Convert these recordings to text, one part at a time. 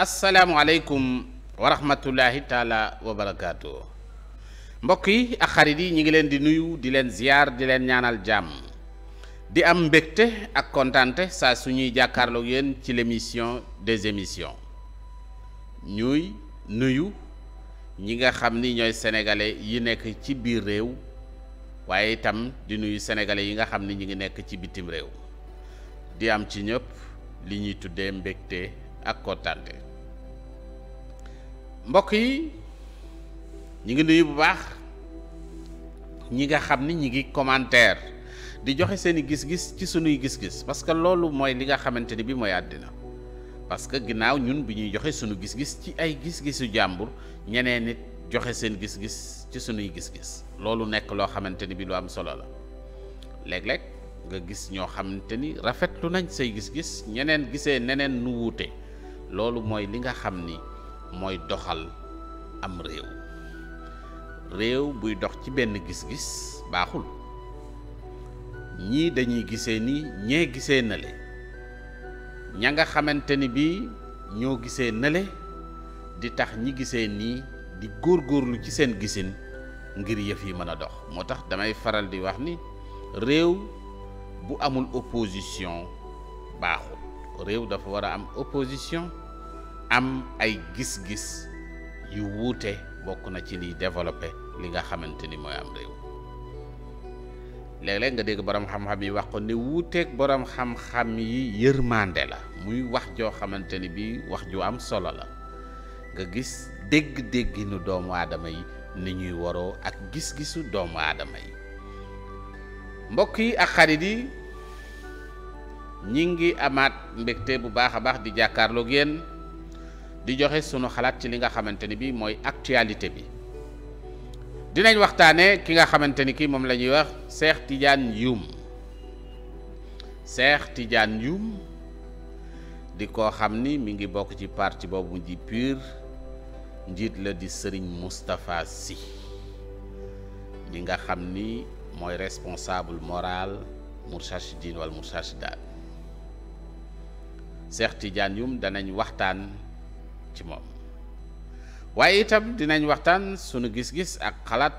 asalaamualeykum wa rahmatullahi taala wa mbokk yi ak xarit yi ñu ngi leen di nuyu di leen ziyaar di leen ñaanal jàmm di am mbégte ak kontaante saa suñuy jàkkaarloog yéen ci l'émission des émissions ñuy nuyu ñi nga xam ni ñooy sénégalais yi nekk ci biir réew waaye itam di nuyu sénégalais yi nga xam ni ñu ngi nekk ci bitim réew di am ci ñëpp li ñuy tuddee mbégte ak kontaante mbokk yi ñi ngi nuyu bu baax ñi nga xam ni ñi ngi commentaire di joxe seen i gis-gis ci sunuy gis-gis parce que loolu mooy li nga xamante ni bi mooy àddina parce que ginnaaw ñun bi ñuy joxe sunu gis-gis ci ay gis-gisu jàmbur ñeneen nit joxe seen gis-gis ci sunuy gis-gis loolu nekk loo xamante ni bi lu am solo la léeg-léeg nga gis ñoo xamante ni rafetlu nañ say gis-gis ñeneen gisee neneen nu wuute loolu mooy li nga xam ni mooy doxal am réew réew buy dox ci benn gis-gis baaxul ñii dañuy gisee ni ñee gisee nale ña nga xamante ni bii ñoo gisee nale di tax ñi gisee nii di góor góorlu ci seen gisin ngir yëf yi mën a dox moo tax damay faral di wax ni réew bu amul opposition baaxul réew dafa war a am opposition am ay gis-gis yu wuute bokk na ci liy développé li nga xamante ni mooy am réew léeg-léeg nga dégg borom xam-xam yi wax ko ni wuuteeg boroom xam-xam yi yërmande la muy wax joo xamante ni bii wax ju am solo la nga gis dégg-dégg doomu aadama yi ni ñuy waroo ak gis-gisu doomu aadama yi mbokk yi ak xarit yi ñi ngi amaat mbégte bu baax a baax di jàkkaarloog yenn di joxe sunu xalaat ci li nga xamante ni bii mooy actualité bi dinañ waxtaanee ki nga xamante ni kii moom la ñuy wax seex Tidiane Youm Cheikh Tidiane Youm di koo xam ni mi ngi bokk ci parti boobu ji PUR njiit la di sëriñ Moustapha si mi nga xam ni mooy responsable moral Moustarchidine wal Moustarchidaat Cheikh Tidiane Youm danañ waxtaan. ci moom waaye itam dinañ waxtaan sunu gis-gis ak xalaat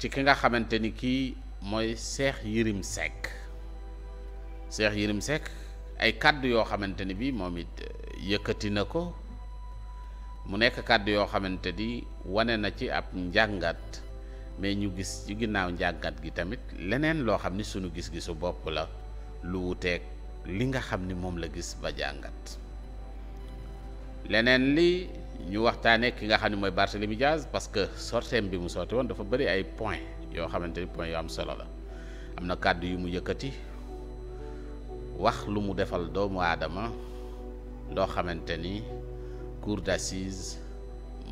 ci ki nga xamante ni kii mooy Cheikh Yérim Seck Cheikh Yérim Seck ay kàddu yoo xamante ni bi moom it eh, yëkkati na ko mu nekk kàddu yoo xamante ni wane na ci ab njàngat mais ñu gis ci ginnaaw njàngat gi tamit leneen loo xam ni sunu gis-gisu bopp la lu wuteeg li nga xam ni moom la gis ba jàngat leneen li ñu waxtaanee ki nga xam ne mooy Barthélemy Diaz parce que sorteem bi mu sotti woon dafa bëri ay point yoo xamante ni point yu am solo la am na kàddu yu mu yëkkati wax lu mu defal doomu aadama loo xamante ni cour d'assises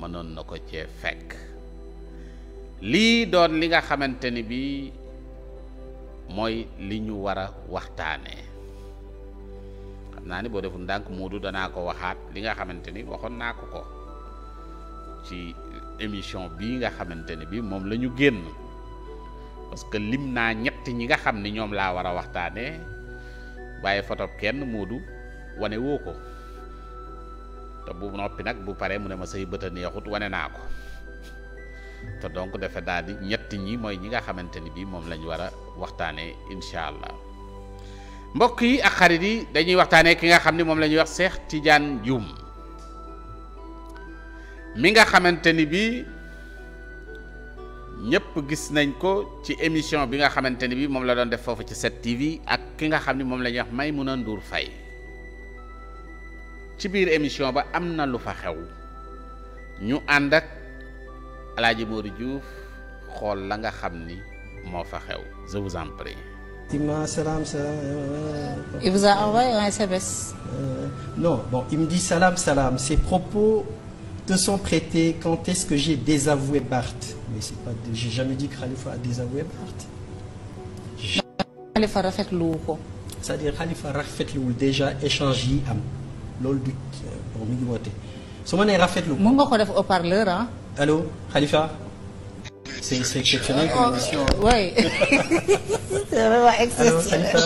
mënoon na ko cee fekk lii doon li nga xamante ni bi mooy li ñu war a waxtaanee naa ni boo deful ndànk Moodu danaa ko waxaat li nga xamante ni waxoon naa ko ko ci émission bii nga xamante ni bii moom la ñu génn parce que lim naa ñett ñi nga xam ni ñoom laa war a waxtaanee waaye fotob kenn Moodu wane woo ko te bu noppi nag bu paree mu ne ma say bët a neexut wane naa ko te donc dafa daal di ñett ñi mooy ñi nga xamante ni bii moom la ñu war a waxtaanee incha allah. mbokk yi ak xarit yi dañuy waxtaanee ki nga xam ni moom lañuy wax seex Tidiane juum mi nga xamante ni bii ñëpp gis nañ ko ci émission bi nga xamante ni bii moom la doon def foofu ci 7TV ak ki nga xam ni moom la ñuy wax a Ndour fay ci biir émission ba am na lu fa xew ñu ànd ak El Hadj Modou xool la nga xam ni moo fa xew je effectivement salaam salaam. il vous a envoyé un SMS. Euh, non bon il me dit salaam salaam ses propos te sont prêtés quand est-ce que j'ai désavoué Barth mais c'est pas j'ai jamais dit que Khalifa a désavoué Barth. je. Khalifa rafetluwu ko. c'est-à-dire Khalifa rafetluwul déjà échange yi am loolu du euh, bon mi ngi woote su ma nee rafetlu. mën nga ko def au parleur ah? Khalifa. C'est exceptionnel comme émission. Oui. c'est vraiment exceptionnel.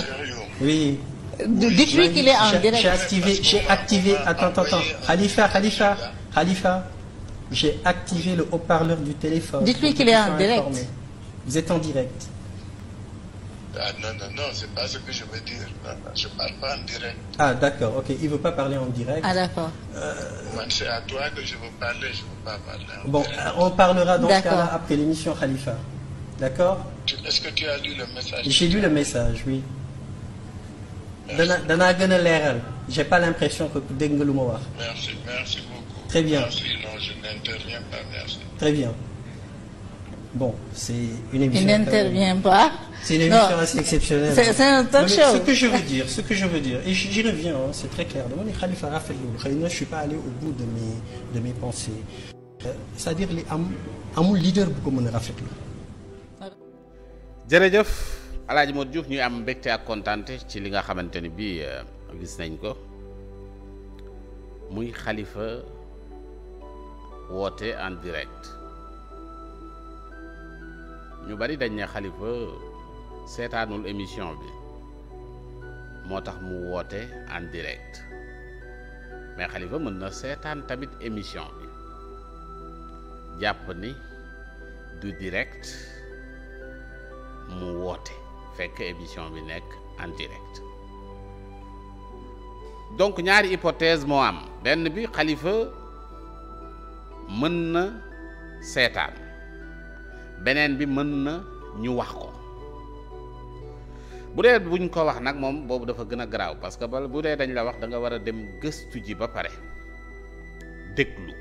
Oui. Depuis qu'il est en direct. J'ai activé, j'ai activé, attends, attends, attends. Euh, Khalifa, Khalifa, Khalifa, j'ai activé le haut-parleur du téléphone. Depuis qu'il est en direct. Vous êtes en direct. Ah, non, c'est pas ce que je veux dire. Non, non, je parle pas en direct. Ah d'accord, ok, il veut pas parler en direct. Ah d'accord. Euh, à toi que euh, on parlera dans après l'émission Khalifa. D'accord J'ai lu le message, oui. danaa danaa gën a leeral j'ai pas l'impression que dégg nga Très bien. Très bien. Bon, c'est une émission... Il n'intervient pas. C'est une émission non. assez exceptionnelle. C'est un talk show. Ce que je veux dire, ce que je veux c'est très clair. Dama ne Khalifa Rafael je suis pas allé au bout de mes, pensées. Euh, c'est-à-dire li am amul leader bu ko mën a rafetlu. jërëjëf El Hadj Modou Diouf ñuy am mbégte ak kontaante ci li nga xamante ni bii euh, gis nañ ko muy xalifa woote en direct. ñu bari dañ ne xalifa seetaanul émission bi moo tax mu woote en direct mais xalifa mën na seetaan tamit émission bi jàpp ni du direct mu woote fekk émission bi nekk en direct donc ñaari hypothèse moo am benn bi xalifa mën na seetaan beneen bi mën na ñu wax ko bu dee buñ ko wax nag moom boobu dafa gën a garaaw parce que bal bu dee dañu la wax da nga war a dem gëstu ji ba pare déglu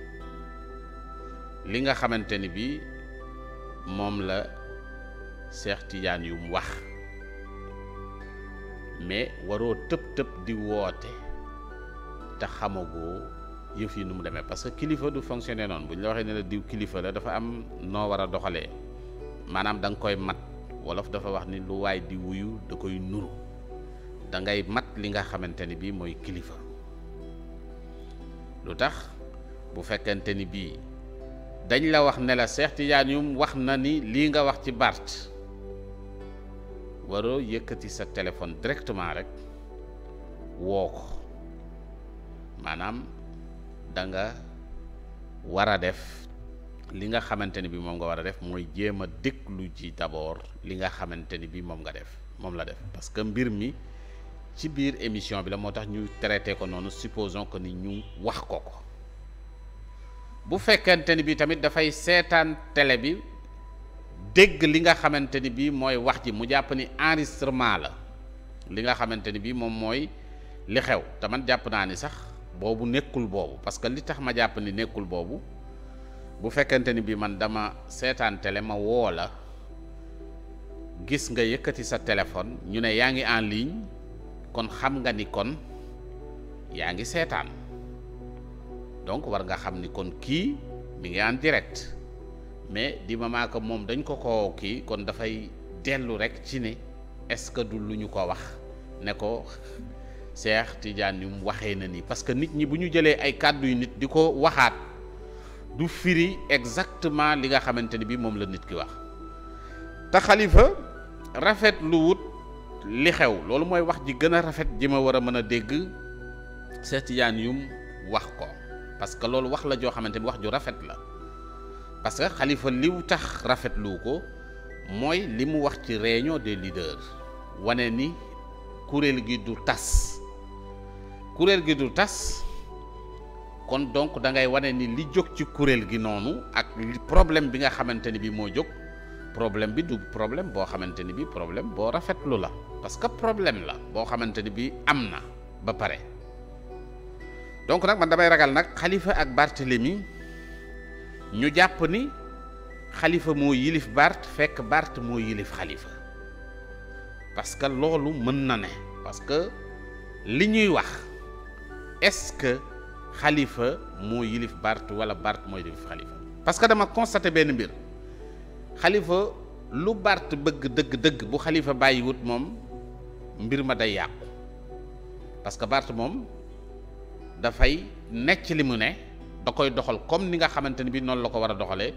li nga xamante ni bii moom la Cheikh Tidiane yu wax mais waroo tëb-tëb di woote te xamagoo yëf yi nu mu demee parce que kilifa du fonctionner noonu bu ñu la waxee ne la diw kilifa la dafa am noo war a doxalee maanaam danga koy mat wolof dafa wax ni lu waay di wuyu da koy nuru da ngay mat li nga xamante ni bii mooy kilifa lu tax bu fekkente ni bii dañ la wax nela la Cheikh Tidiane wax na ni lii nga wax ci Barth waroo yëkkati sa téléphone directement rek woo ko maanaam da nga war a def li nga xamante ni bi moom nga war a def mooy jéem a déglu ji d'abord li nga xamante ni bi moom nga def moom la def parce que mbir mi ci biir émission bi la moo tax ñu traité ko noonu supposons que ni ñu wax ko ko bu fekkente ni bi tamit dafay seetaan télé bi dégg li nga xamante ni bi mooy wax ji mu jàpp ni enregistrement la li nga xamante ni bi moom mooy li xew te man jàpp naa ni sax boobu nekkul boobu parce que li tax ma jàpp ni nekkul boobu bu fekkente ni bi man dama seetaan télé ma woo la gis nga yëkkati sa téléphone ñu ne yaa ngi en ligne kon xam nga ni kon yaa ngi seetaan donc war nga xam ni kon kii mi ngi en direct mais di ma que moom dañ ko koo kii kon dafay dellu rek ci ne est-ce que du lu ñu ko wax ne ko Cheikh Tidiane yu waxee na nii parce que nit ñi bu ñu jëlee ay kàddu yu nit di ko waxaat. du firi exactement li nga xamante ni bi moom la nit ki wax te xalifa rafet lu wut li xew loolu mooy wax ji gën a rafet ji ma war a mën a dégg Seex Tijaan yum wax ko parce que loolu wax la joo xamante ni wax ju rafet la parce que xalifa liw tax rafetlu ko mooy li mu wax ci réunion des leaders wane ni kuréel gi du tas kuréel gi du tas kon donc da ngay wane ni li jóg ci kuréel gi noonu ak problème bi nga xamante ni bi moo jóg problème bi du problème boo xamante ni bi problème boo rafetlu la parce que problème la boo xamante ni bi am na ba pare donc nag man damay ragal nag xalifa ak Barthélemy ñu jàpp ni xalifa moo yilif Barth fekk Barth moo yilif xalifa parce que loolu mën na ne parce que li ñuy wax est-ce xalifa moo yilif barte wala Barth mooy yilif xalifa parce que dama constaté benn mbir xalifa lu Barth bëgg dëgg-dëgg bu xalifa bàyyiwut moom mbir ma day yàqu parce que Barth moom dafay nekk li mu ne da koy doxal comme ni nga xamante ni bi noonu la ko war a doxalee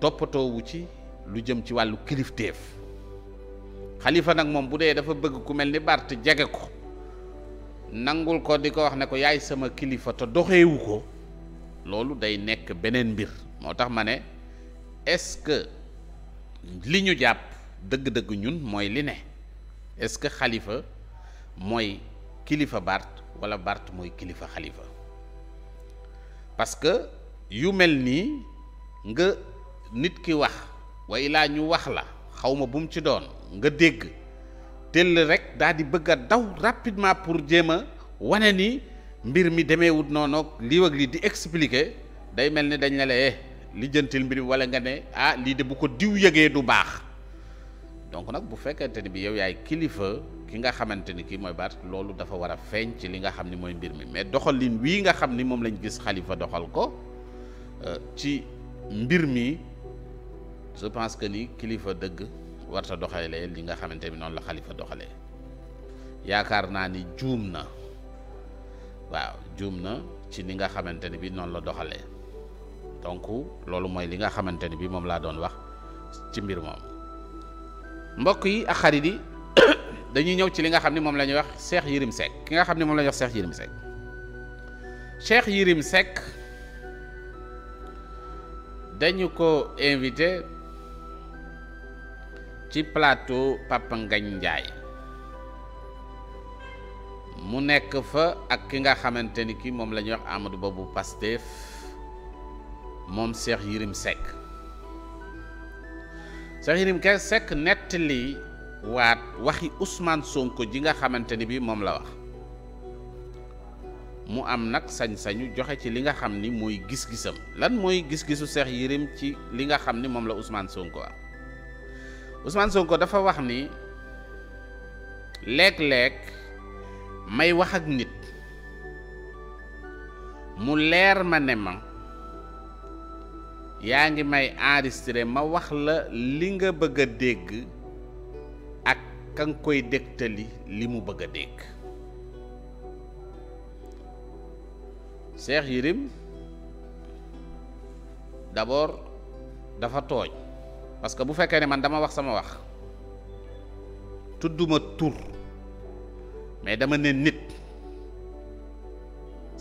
toppatoowu ci lu jëm ci wàllu kilifteef xalifa nag moom bu dee dafa bëgg ku mel ni Barth jege ko nangul ko di ko wax ne ko yaay sama kilifa te doxeewu ko loolu day nekk beneen mbir moo tax ma ne est-ce que li ñu jàpp dëgg-dëgg ñun mooy li ne est-ce que xalifa mooy kilifa Barth wala Barth mooy kilifa xalifa parce que yu mel nii nga nit ki wax way laa ñu wax la xawma bu mu ci doon nga dégg tell rek daal di bëgg a daw rapidement pour jéem a wane ni mbir mi demeewut noonu lii wag lii di expliquer day mel ni dañ la layee eh, li jëntil mbir mi wala nga ne ah lii de bu ko diw yëgee du baax donc nag bu fekkente ni bi yow yaay kilifa ki nga xamante ni kii mooy baat loolu dafa war a feeñ ci li nga xam ni mooy mbir mi mais doxalin wii nga xam ni moom lañ gis xalifa doxal ko euh, ci mbir mi je pense que ni kilifa dëgg warta doxalee li nga xamante ni noonu la xalifa doxalee yaakaar naa ni juum na waaw juum na ci ni nga xamante ni bi noonu la doxalee donc loolu mooy li nga xamante ni bi moom laa doon wax ci mbir moom mbokk yi ak xarit yi dañuy ñëw ci li nga xam ne moom la ñuy wax Cheikh Yérim Seck ki nga xam ne moom la ñuy wax Cheikh Yérim Seck Cheikh Yérim Seck dañu ko invité ci plateau Papa Ngagne njaay mu nekk fa ak ki nga xamante ni ki moom lañuy ñuy wax Amadou Ba bu Pastef moom Cheikh Yérim Seck Cheikh Yérim Seck nettali waat waxi usmaan Sonko ji nga xamante ni bi moom la wax mu am nag sañ-sañu joxe ci li nga xam ni mooy gis-gisam lan mooy gis-gisu seex Yérim ci li nga xam ni moom la usmaan Sonko wax Ousmane ko dafa wax ni léeg-léeg may wax ak nit mu leer ma ne ma yaa ngi may enregistré ma wax la li nga bëgg a dégg ak ka nga koy dégtali li mu bëgg a dégg Cheikh Yérim d'abord dafa tooj parce que bu fekkee ne man dama wax sama wax tudduma tur mais dama ne nit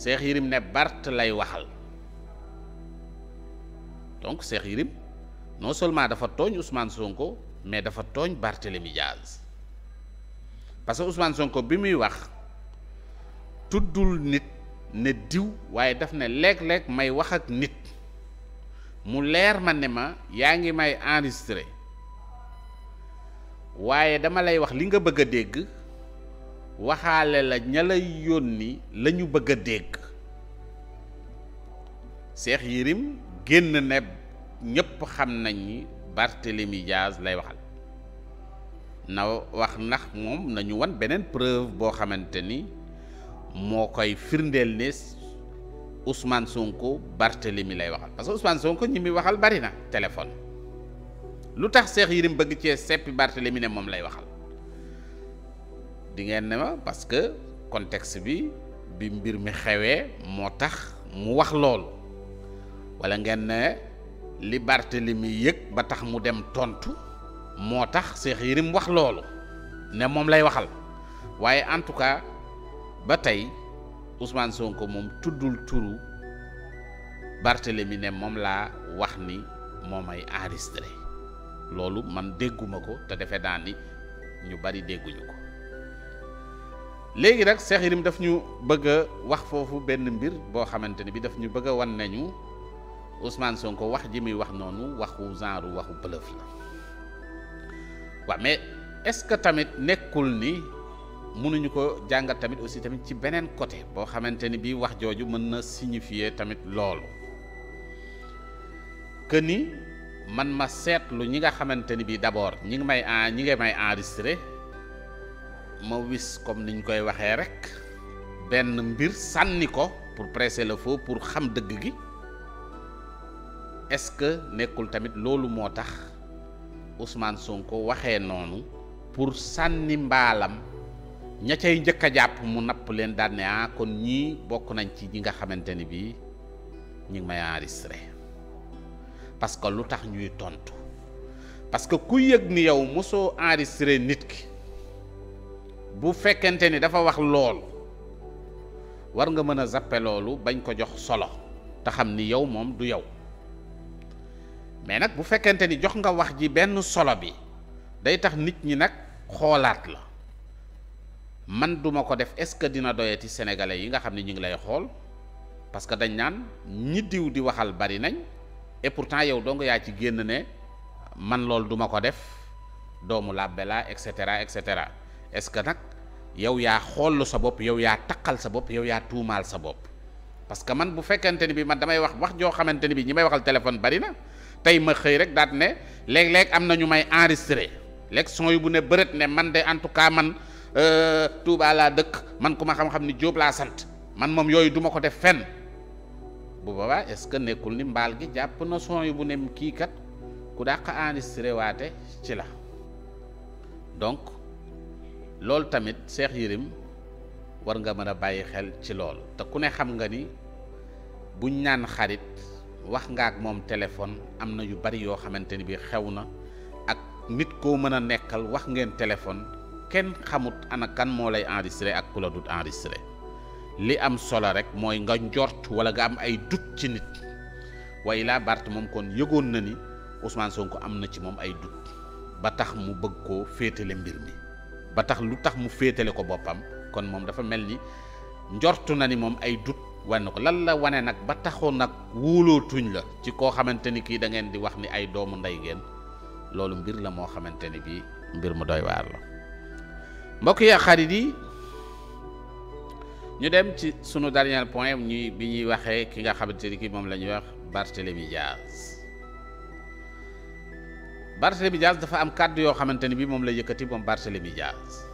Cheikh Yérim ne Bart lay waxal donc Cheikh Yérim non seulement dafa tooñ usmaan Sonko mais dafa tooñ Barthélémy Diaz parce que Ousmane Sonko bi muy wax tuddul nit ne diw waaye daf ne léeg-léeg may wax ak nit mu leer ma ne ma yaa ngi may enregistré waaye dama lay wax li nga bëgg a dégg waxaale la ña lay yónni la ñu bëgg a dégg Cheikh Yérim génn ne ñépp xam nañ ni Barthélemy lay waxal na wax ndax moom nañu wan beneen preuve boo xamante ni moo koy firndeel ne Ousmane Sonko Barthélemy lay waxal parce que Ousmane Sonko ñi mi waxal bari na téléphone lu tax Cheikh Yérim bëgg cee seppi Barthélemy ne moom lay waxal dingeen ne ma parce que contexte bi bi mbir mi xewee moo tax mu wax loolu walla ngeen ne li Barthélemy yëg ba tax mu dem tontu moo tax Cheikh Yérim wax loolu ne moom lay waxal waaye en ba tey. Ousmane Sonko moom tuddul turu Barthélemy ne moom laa wax ni moom ay enregistré loolu man dégguma ko te defe naa ñu bari dégguñu ko léegi nag Cheikh Yérim daf ñu bëgg a wax foofu benn mbir boo xamante ne bi daf ñu bëgg wan nañu Ousmane Sonko wax ji muy wax noonu waxu genre waxu bëlëf la waaw mais est tamit nekkul ni mënuñu ko jàngat tamit aussi tamit ci beneen côté boo xamante ni bii wax jooju mën na signifier tamit loolu que ni man ma seetlu ñi nga xamante ni bii d'abord ñi ngi may ñi ngi may enregistré ma wis comme niñ koy waxee rek benn mbir sànni ko pour presser la feu pour xam dëgg gi est-ce que nekkul tamit loolu moo tax Ousmane Sonko waxee noonu pour sànni mbaalam. ña cay njëkk a jàpp mu napp leen daan ne ah kon ñii bokk nañ ci ñi nga xamante ni bii ñu ngi may enregistré parce que lu tax ñuy tontu parce que ku yëg ni yow mosoo enregistré nit ki bu fekkente ni dafa wax lool war nga mën a zappe loolu bañ ko jox solo te xam ni yow moom du yow mais nag bu fekkente ni jox nga wax ji benn solo bi day tax nit ñi nag xoolaat la man duma ko def est-ce que dina doyati sénégalais yi nga xam ne ñu ngi lay xool parce que dañ naan ñi diw di waxal bari nañ et pourtant yow dong yaa ci génn ne man loolu duma ko def doomu làbbe la et cetera et cetera est-ce que nag yow yaa xool sa bopp yow yaa taqal sa bopp yow yaa tuumaal sa bopp parce que man bu fekkente ni bi man damay wax wax joo xamante ni bi ñi may waxal téléphone bari na tey ma xëy rek daat ne léeg-léeg am na ñu may enregistré leeg son yu bu ne bërët man de en tout cas man Euh, Touba laa dëkk man ku ma xam-xam ni Diop laa sant man moom yooyu duma ko def fenn bu boobaa est-ce nekkul ni mbaal gi jàpp na son yu bu nem kii kat ku dàq enregistré ci la donc loolu tamit Cheikh Yérim war nga mën a bàyyi xel ci loolu te ku ne xam nga ni buñ naan xarit wax nga moom téléphone am na yu bari yoo xamante ni bi xew na ak nit koo mën a nekkal wax ngeen téléphone kenn xamut ana kan moo lay enregistré ak ku la dut li am solo rek mooy nga njort wala nga am ay dut ci nit waaye laa barte moom kon yëgoon na ni Ousmane ko am na ci moom ay dut ba tax mu bëgg ko féetale mbir mi ba tax lu tax mu féetale ko boppam kon moom dafa mel ni njortu na ni moom ay dut wane ko lan la wane nag ba taxoon nag wóolootuñ la ci koo xamante ni kii da ngeen di wax ni ay doomu ndey ngeen loolu mbir la moo xamante ni bii mbir mu doy waar la mbokk yi ak xarit yi ñu dem ci sunu dernier point ñuy bi ñuy waxee ki nga xamante ni ki moom la ñuy wax Barthélemy Diaz Barthélemy Diaz dafa am kàddu yoo xamante ni bi moom la yëkkati moom Barthélemy Diaz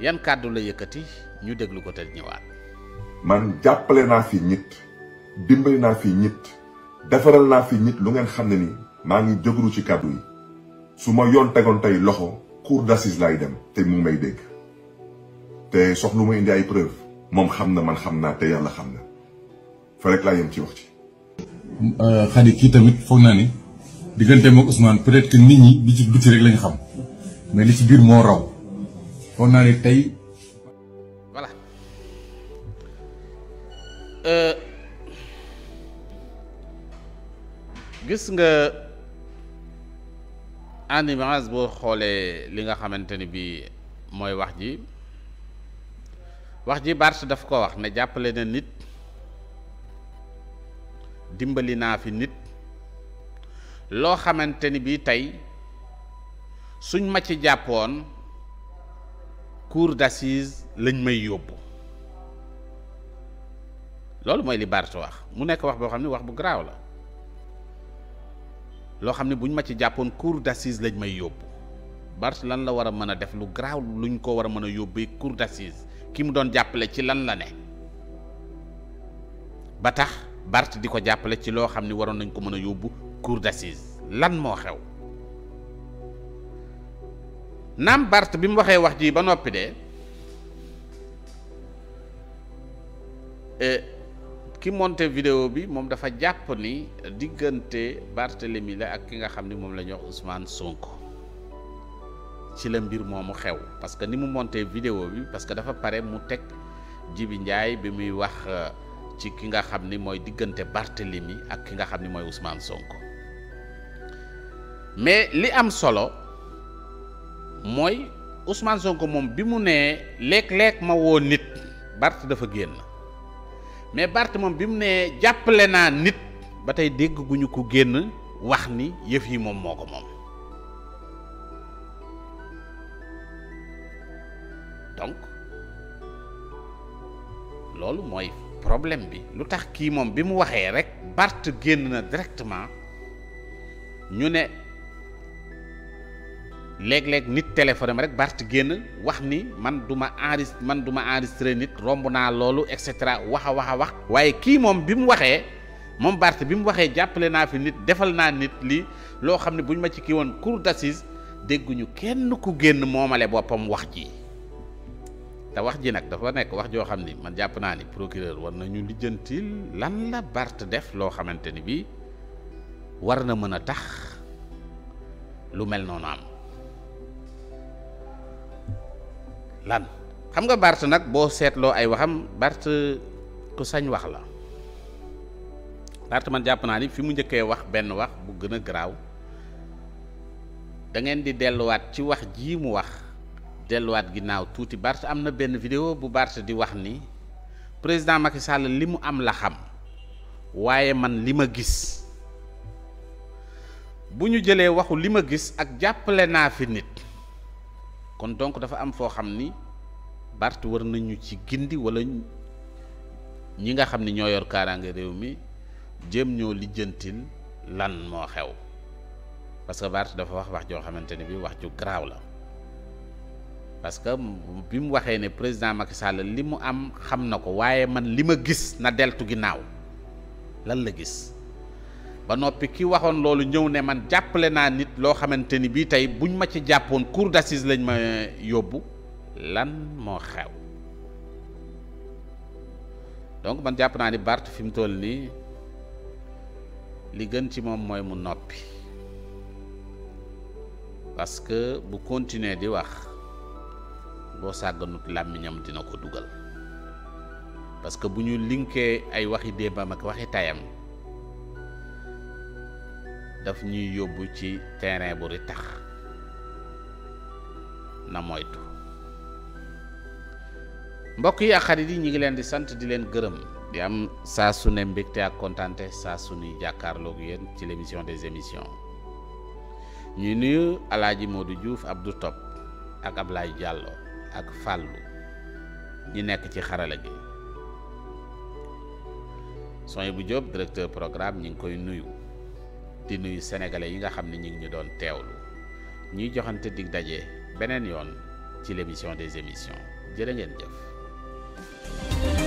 yan kàddu la yëkkati ñu déglu ko te ñëwaat. man jàppale naa fi ñit dimbali naa fi ñit defaral naa fi ñit lu ngeen xam ne ni maa ngi jógaru ci kàddu yi su ma yoon tegoon tey loxo. cour d'assises laay dem te mu ngi may dégg te soxlu ma indi ay preuve moom xam na man xam naa te yàlla xam na fa rek laa yem ci wax ci. xadi euh, kii tamit foog naa ni diggante mook Ousmane peut-être que nit ñi bi ci biti rek lañ xam mais li ci biir moo raw foog naa ni tey. voilà euh, gis nga. en image boo xoolee li nga xamante ni bii mooy wax ji wax ji Barth daf ko wax ne jàppale na nit dimbali naa fi nit loo xamante ni bii tey suñ ma ci jàppoon cour d'assises lañ may yóbbu loolu mooy li Barth wax mu nekk wax boo xam ne wax bu garaaw la. loo xam ne bu ñu ma ci jàppoon cour d'assises lañ may yóbbu Barth lan la war a mën a def lu garaaw luñ ko war a mën a yóbbee cour d'assises ki mu doon jàppale ci lan la ne ba tax barte di ko jàppale ci loo xam ne waroon nañ ko mën a yóbbu cour d'assises lan moo xew naam Barth bi mu waxee wax ji ba noppi de. Eh, ki monté vidéo bi moom dafa jàpp ni diggante Barthélemy la ak ki nga xam ni moom la ñuy wax Ousmane Sonko ci la mbir moomu xew parce que ni mu monté video bi parce que dafa pare mu teg Jibi njaay bi muy wax euh, ci ki nga xam ni mooy diggante Barthélemy ak ki nga xam ni mooy Ousmane Sonko mais li am solo mooy Ousmane Sonko moom bi mu nee léeg-léeg ma woo nit Barth dafa génn. mais Barth moom bi mu nee jàppale naa nit ba tey dégg gu ñu ko génn wax ni yëf yi moom moo ko moom donc loolu mooy problème bi lu tax kii moom bi mu waxee rek Barth génn na directement ñu ne. léeg-léeg nit téléphone ma rek Bart génn wax ni man du ma enregistré man duma ma nit romb naa loolu et wax a wax a wax waaye kii moom bi mu waxee moom Bart bi mu waxee jàppale naa fi nit defal naa nit li loo xam ne bu ñu ma ci kii woon cour d'assises dégguñu kenn ku génn moomale boppam wax ji te wax ji nag dafa nekk wax joo xam ni man jàpp naa ni procureur war nañu lijjantil lan la Bart def loo xamante ni bii war na mën a tax lu mel noonu am. lan xam nga Barth nag boo seetloo ay waxam Barth ku sañ wax la Barth man jàpp naa ni fi mu njëkkee wax benn wax bu gën a garaaw da di delluwaat ci wax jii mu wax delluwaat ginnaaw tuuti Barth am na benn vidéo bu Barth di wax ni président Macky Sall li mu am la xam waaye man li ma gis bu ñu jëlee waxu li ma gis ak jàppale naa fi nit kon donc dafa am foo xam ni Barth war nañu ci gindi walla ñi nga xam ni ñoo yor kaaraange réew mi jéem ñoo lijjantil lan moo xew parce que Barth dafa wax wax joo xamante ni bi wax ju garaaw la parce que bi mu waxee ne président Macky Sall li mu am xam na ko waaye man li ma gis na deltu ginnaaw lan la gis ba noppi ki waxoon loolu ñëw ne man jàppale naa nit loo xamante ni bii tey buñ ma ci jàppoon cour d'assises lañ ma yóbbu lan moo xew donc man jàpp naa ni Barth fi mu toll nii li gën ci moom mooy mu noppi parce que bu continuer di wax boo sàgganut làmmiñam dina ko dugal parce que bu ñu linkee ay waxi démbam ak waxi tayam daf ñuy yóbbu ci terrain bu ritax na moytu mbokk yi ak xarit yi ñu ngi leen di sant di leen gërëm di am saa su ne mbégte ak kontante saa su nuy jàkkaarloog yéen ci l'émission des émissions ñuy nuyu moo alaaji juuf ab du Top ak Ablaye Diallo ak Fallou ñi nekk ci xarala gi Sonia bu Diop directeur programme ñi ngi koy nuyu di nuyu sénégalais yi nga xam ne ñu ngi ñu doon teewlu ñuy joxante dig daje beneen yoon ci l'émission des émissions jërë ngeen jëf.